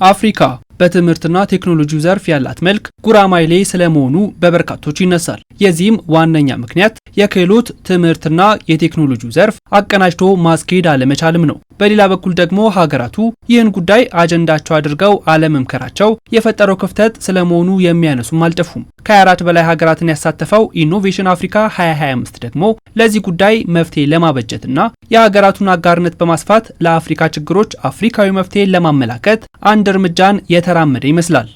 Afrika በትምህርትና ቴክኖሎጂው ዘርፍ ያላት መልክ ጉራማይሌ ስለመሆኑ በበርካቶች ይነሳል። የዚህም ዋነኛ ምክንያት የክህሎት ትምህርትና የቴክኖሎጂው ዘርፍ አቀናጅቶ ማስኬድ አለመቻልም ነው። በሌላ በኩል ደግሞ ሀገራቱ ይህን ጉዳይ አጀንዳቸው አድርገው አለመምከራቸው የፈጠረው ክፍተት ስለመሆኑ የሚያነሱም አልጠፉም። ከ24 በላይ ሀገራትን ያሳተፈው ኢኖቬሽን አፍሪካ 2025 ደግሞ ለዚህ ጉዳይ መፍትሄ ለማበጀትና የሀገራቱን አጋርነት በማስፋት ለአፍሪካ ችግሮች አፍሪካዊ መፍትሄ ለማመላከት አንድ እርምጃን የ የተራመደ ይመስላል።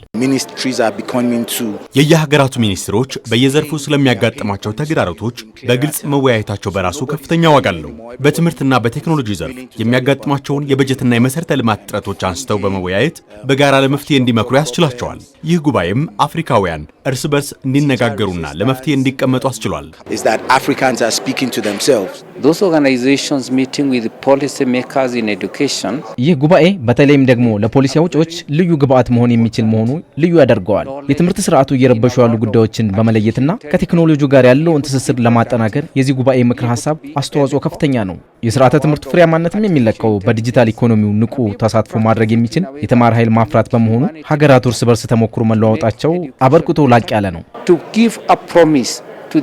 የየሀገራቱ ሚኒስትሮች በየዘርፉ ስለሚያጋጥማቸው ተግዳሮቶች በግልጽ መወያየታቸው በራሱ ከፍተኛ ዋጋ አለው። በትምህርትና በቴክኖሎጂ ዘርፍ የሚያጋጥማቸውን የበጀትና የመሠረተ ልማት ጥረቶች አንስተው በመወያየት በጋራ ለመፍትሄ እንዲመክሩ ያስችላቸዋል። ይህ ጉባኤም አፍሪካውያን እርስ በርስ እንዲነጋገሩና ለመፍትሄ እንዲቀመጡ አስችሏል። ይህ ጉባኤ በተለይም ደግሞ ለፖሊሲ አውጪዎች ልዩ ግብዓት መሆን የሚችል መሆኑ ልዩ ያደርገዋል። የትምህርት ስርዓቱ እየረበሹ ያሉ ጉዳዮችን በመለየትና ከቴክኖሎጂው ጋር ያለውን ትስስር ለማጠናከር የዚህ ጉባኤ ምክር ሀሳብ አስተዋጽኦ ከፍተኛ ነው። የስርዓተ ትምህርቱ ፍሬያማነትም የሚለካው በዲጂታል ኢኮኖሚው ንቁ ተሳትፎ ማድረግ የሚችል የተማረ ኃይል ማፍራት በመሆኑ ሀገራት እርስ በርስ ተሞክሮ መለዋወጣቸው አበርክቶ ላቅ ያለ ነው። ፕሮሚስ ቱ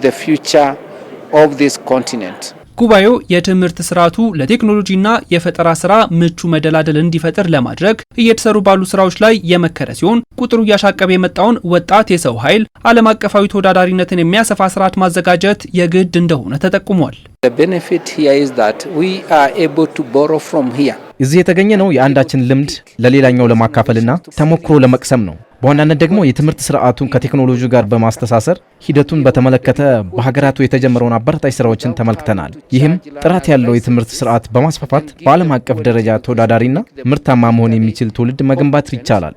ኮንቲነንት ጉባኤው የትምህርት ስርዓቱ ለቴክኖሎጂና የፈጠራ ስራ ምቹ መደላደል እንዲፈጥር ለማድረግ እየተሰሩ ባሉ ስራዎች ላይ የመከረ ሲሆን ቁጥሩ እያሻቀበ የመጣውን ወጣት የሰው ኃይል ዓለም አቀፋዊ ተወዳዳሪነትን የሚያሰፋ ስርዓት ማዘጋጀት የግድ እንደሆነ ተጠቁሟል። እዚህ የተገኘ ነው የአንዳችን ልምድ ለሌላኛው ለማካፈልና ተሞክሮ ለመቅሰም ነው። በዋናነት ደግሞ የትምህርት ስርዓቱን ከቴክኖሎጂ ጋር በማስተሳሰር ሂደቱን በተመለከተ በሀገራቱ የተጀመረውን አበረታች ስራዎችን ተመልክተናል። ይህም ጥራት ያለው የትምህርት ስርዓት በማስፋፋት በዓለም አቀፍ ደረጃ ተወዳዳሪና ምርታማ መሆን የሚችል ትውልድ መገንባት ይቻላል።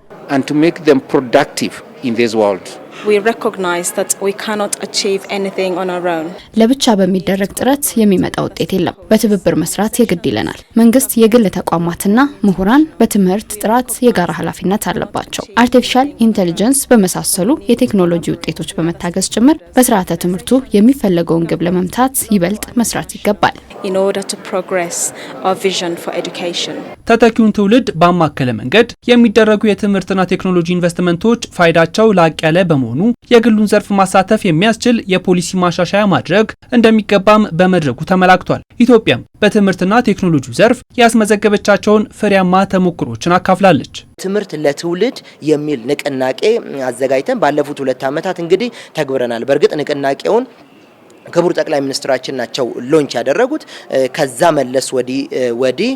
ለብቻ በሚደረግ ጥረት የሚመጣ ውጤት የለም። በትብብር መስራት የግድ ይለናል። መንግስት፣ የግል ተቋማትና ምሁራን በትምህርት ጥራት የጋራ ኃላፊነት አለባቸው። አርቲፊሻል ኢንቴሊጀንስ በመሳሰሉ የቴክኖሎጂ ውጤቶች በመታገዝ ጭምር በስርዓተ ትምህርቱ የሚፈለገውን ግብ ለመምታት ይበልጥ መስራት ይገባል። ተተኪውን ትውልድ ባማከለ መንገድ የሚደረጉ የትምህርትና ቴክኖሎጂ ኢንቨስትመንቶች ፋይዳቸው ላቅ ያለ በመሆኑ የግሉን ዘርፍ ማሳተፍ የሚያስችል የፖሊሲ ማሻሻያ ማድረግ እንደሚገባም በመድረኩ ተመላክቷል። ኢትዮጵያም በትምህርትና ቴክኖሎጂ ዘርፍ ያስመዘገበቻቸውን ፍሬያማ ተሞክሮችን አካፍላለች። ትምህርት ለትውልድ የሚል ንቅናቄ አዘጋጅተን ባለፉት ሁለት ዓመታት እንግዲህ ተግብረናል። በእርግጥ ንቅናቄውን ክቡር ጠቅላይ ሚኒስትራችን ናቸው ሎንች ያደረጉት። ከዛ መለስ ወዲህ ወዲህ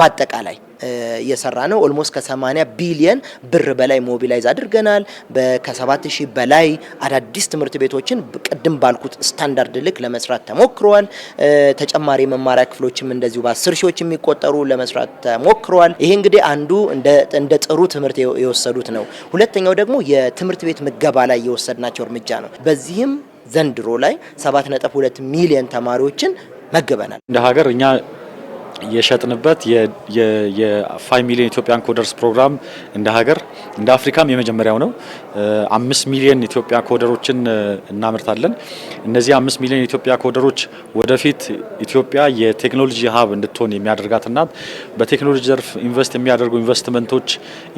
በአጠቃላይ እየሰራ ነው። ኦልሞስት ከ80 ቢሊየን ብር በላይ ሞቢላይዝ አድርገናል። ከ7000 በላይ አዳዲስ ትምህርት ቤቶችን ቅድም ባልኩት ስታንዳርድ ልክ ለመስራት ተሞክሯል። ተጨማሪ መማሪያ ክፍሎችም እንደዚሁ በአስር ሺዎች የሚቆጠሩ ለመስራት ተሞክረዋል። ይሄ እንግዲህ አንዱ እንደ ጥሩ ትምህርት የወሰዱት ነው። ሁለተኛው ደግሞ የትምህርት ቤት ምገባ ላይ የወሰድናቸው እርምጃ ነው። በዚህም ዘንድሮ ላይ 7.2 ሚሊዮን ተማሪዎችን መገበናል እንደ ሀገር እኛ የሸጥንበት የፋይቭ ሚሊዮን ኢትዮጵያን ኮደርስ ፕሮግራም እንደ ሀገር እንደ አፍሪካም የመጀመሪያው ነው። አምስት ሚሊዮን ኢትዮጵያ ኮደሮችን እናምርታለን። እነዚህ አምስት ሚሊዮን ኢትዮጵያ ኮደሮች ወደፊት ኢትዮጵያ የቴክኖሎጂ ሀብ እንድትሆን የሚያደርጋትና በቴክኖሎጂ ዘርፍ ኢንቨስት የሚያደርጉ ኢንቨስትመንቶች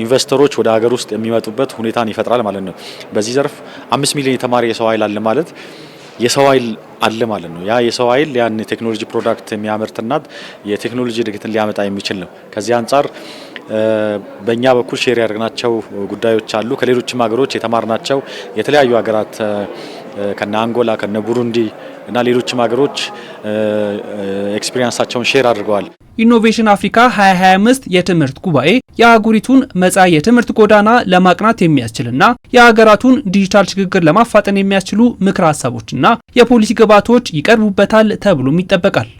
ኢንቨስተሮች ወደ ሀገር ውስጥ የሚመጡበት ሁኔታን ይፈጥራል ማለት ነው። በዚህ ዘርፍ አምስት ሚሊዮን የተማሪ የሰው ኃይል አለ ማለት የሰው ኃይል አለ ማለት ነው። ያ የሰው ኃይል ያን የቴክኖሎጂ ፕሮዳክት የሚያመርትና የቴክኖሎጂ እድገትን ሊያመጣ የሚችል ነው። ከዚህ አንጻር በእኛ በኩል ሼር ያደርግናቸው ጉዳዮች አሉ። ከሌሎችም ሀገሮች የተማርናቸው የተለያዩ ሀገራት ከነ አንጎላ ከነ ቡሩንዲ እና ሌሎችም ሀገሮች ኤክስፒሪንሳቸውን ሼር አድርገዋል። ኢኖቬሽን አፍሪካ 2025 የትምህርት ጉባኤ የአህጉሪቱን መጻኢ የትምህርት ጎዳና ለማቅናት የሚያስችልና የሀገራቱን ዲጂታል ሽግግር ለማፋጠን የሚያስችሉ ምክር ሀሳቦችና የፖሊሲ ግብዓቶች ይቀርቡበታል ተብሎም ይጠበቃል።